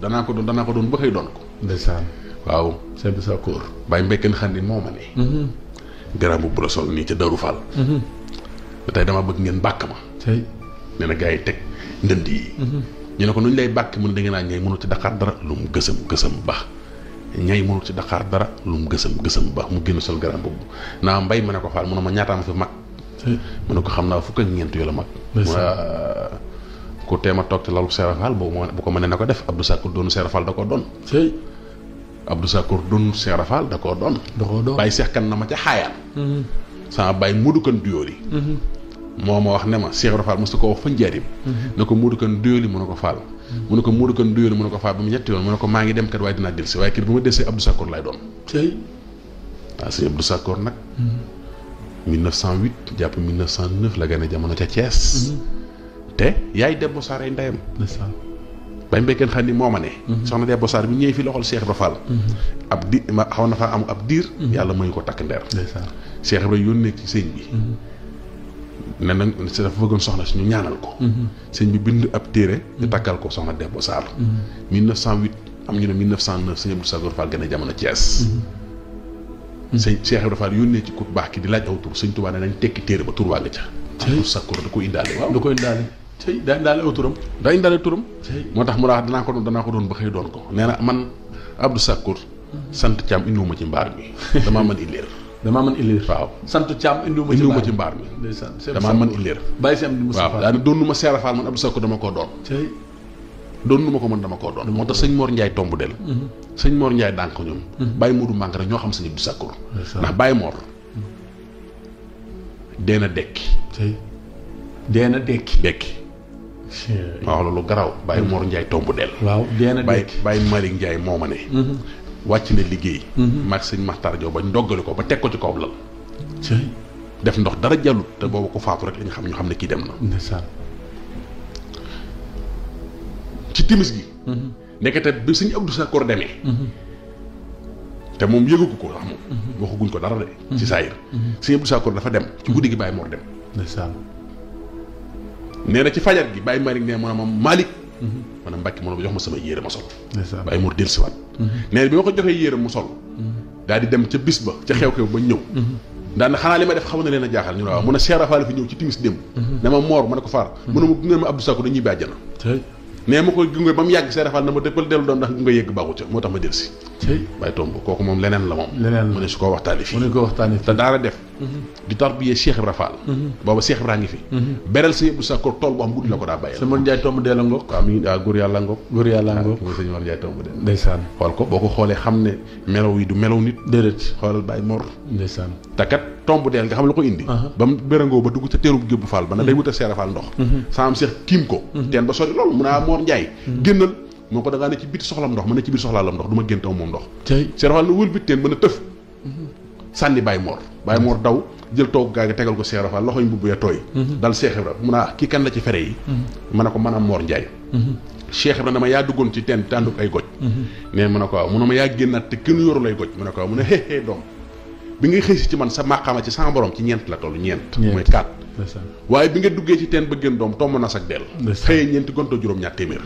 danaa ko doon danaa ko doon ba xëy doon ko. ndeysaan waaw. sëñ de sa cour bàyyi mbékkin xandin moo ma ne. Mhm. garab bu la sol nii ca fal Fall. Mhm. tey dama bëgg ngeen bàkk ma. tey nee na gars yi teg ndënd yi. Mhm. ñu ne ko nuñ lay bàkk mu da ngeen a ñay mënu ci Dakar dara lu mu gësëm gësëm ba ñay mënu ci Dakar dara lu mu gësëm gësëm ba mu génn sol garab bu naa mbay ma ne ko fal mu ne ma fi mag. mu ne ko xam naa fukk ak ñeent yoo la mag ku tema tok ci lalu serafal bu bu ko mëne nako def abdou sakour doon serafal da ko don sey abdou sakour don serafal da ko don da ko don bay cheikh kan na ma ci xayaan sama bay mudu kan duyori moo ma wax nema cheikh rafal musu ko wax fa njaarim nako ko mudu kan duyori mu fal faal mudu kan duyori mu fal faal mu ñetti yoon mu ma ngi dem kat waaye dinaa delsi way kër bu ma dese abdou sakour lay don sey waaw sey abdou sakour nag 1908 japp 1909 la gane jamono ca Thiès mm-hmm. te yaay Demba Sarr ay ndeyam. bañ béykat xam ni moo ma ne. Mhm. soxna Demba Sarr bi ñëwee fi loxol Cheikh Ibra Fall. Mhm. ab di ma xaw na faa am ab diir. Mhm. yàlla mooy ko takk ndeer. Cheikh Ibra yónnee ci sëñ bi. ne nag dafa bëggoon soxna si ñu ñaanal ko. sëñ bi bind ab téere. ñu takkal ko soxna Demba Sarr. 1908 am ñu ne 1909 sëñ Abdou Sagoor Fall gën a jamono Thiès. sëñ Cheikh Ibra Fall yónnee ci ku baax ki di laaj aw tur sëñ Tuubaa ne nañ tekki téere ba tur waa nga ca. Abdou Sagoor da ko indaale waaw da ko indaale. tey daa indaale aw turam daa indaale turam. moo tax mu daa ah danaa ko doon danaa ko doon ba xëy doon ko nee na man Abdou Sakkour. sant Thiam indiwuma ci mbaar mi damaa mën illéer. damaa mën illéer waaw. sant Thiam indiwuma ci mbaar mi ci mbaar mi. ndeysaan damaa mën illéer. bàyyi si am di Moussa Fall waaw daanaka doonuma Seera Fall man Abdou Sakkour dama koo doon. tey doonuma ko man dama koo doon. moo tax sëñ Mor Ndiaye tombu del. sëñ Mor njaay mhm. dànq ko ñoom. Mhm. Baye Modou Manga rek ñoo xam sëñ Abdou Sakkour. ndax Baye Mor. Mhm. dee na dekki. tey dee na dekki. ma wax la lu garaaw Baye hmm. Mor Ndiaye tomb del waaw Baye Baye Malick Ndiaye moo ma ne hmm. wàcc na liggéey hmm. maag sëñ Maxtaar Jaw ba ndoggali ko ba teg ko ci kaw lal def ndox dara jàllut te boobu ko faatu rek li nga xam ñu xam ne kii dem na ci timis gi nekkete bi sëñ Abdou Sakor demee te moom yëgagu ko sax moom waxaguñ ko dara de ci saayir sëñ Abdou Sakor dafa dem ci guddi gi Baye Mor dem nee na ci fajar gi Baye Malick ne ma moom Malick mhm. ma ne Mbacke ma ne ko jox ma sama yére ma sol. Baye Mor dellusiwaat. Mhm. nee na bi ma ko joxee yére mu sol. Mhm. daal di dem ca bis ba ca xew-xew ba ñëw. daan na xanaa li ma def xaw na leen a jaaxal ne mun a Cheikh Rafaal fi ñëw ci timis démb. ne ma Mor ma ne ko Faar. mu ne ma gunge ma Abdou Sakho dañuy bàjjana. nee ko gunge ba mu yàgg Cheikh Rafaal na ma dëppal dellu doon ndax gunge yegg baaxut ca moo tax ma dellusi tey Baye Tomb kooku moom leneen la moom. leneen la mu ne su koo waxtaanee fii mu ne ko waxtaanee fii te a def. Mm-hmm. di tarbiyee Cheikh Ibra Fall. Mm-hmm. booba Cheikh Ibra ngi fi. Mm-hmm. beral sa yëpp sa ko tool Tomb deel ah, ah, nga xam lu ko indi. ba mu bérangoo ba dugg ca teerub Gébu Fall ba na day wutal Seera Fall ndox. saa am Cheikh tiim ko. teen ba sori loolu mun naa ah, Mor Ndiaye génnal non ko da nga ne ci biti soxlam ndox mën ci soxla lam ndox du ma géntaw moom ndox seer fall wëlbit teen mën a tëf mhm. sànni bàyyi moor bàyyi daw jël tok gaa tegal ko cheikh rafal loxoñ bubbee ya toy. Mhm. dal Cheikh ibrahim muna ki kan la ci fere yi mhm. ma ne ko maanaam njaay cheikh ibrahim dama ya dugon ci teen tanduk ay goj ne mu ne ko waaw mu ma te kenn yoru lay goj mu ne ko waaw dom. ne hé bi ngay xey ci man sa maqama ci sama borom ci ñent la tollu ñent moy kat waye bi nga duggé ci teen ba gën dom tomb na del xey ñent gonto juroom ñaar témir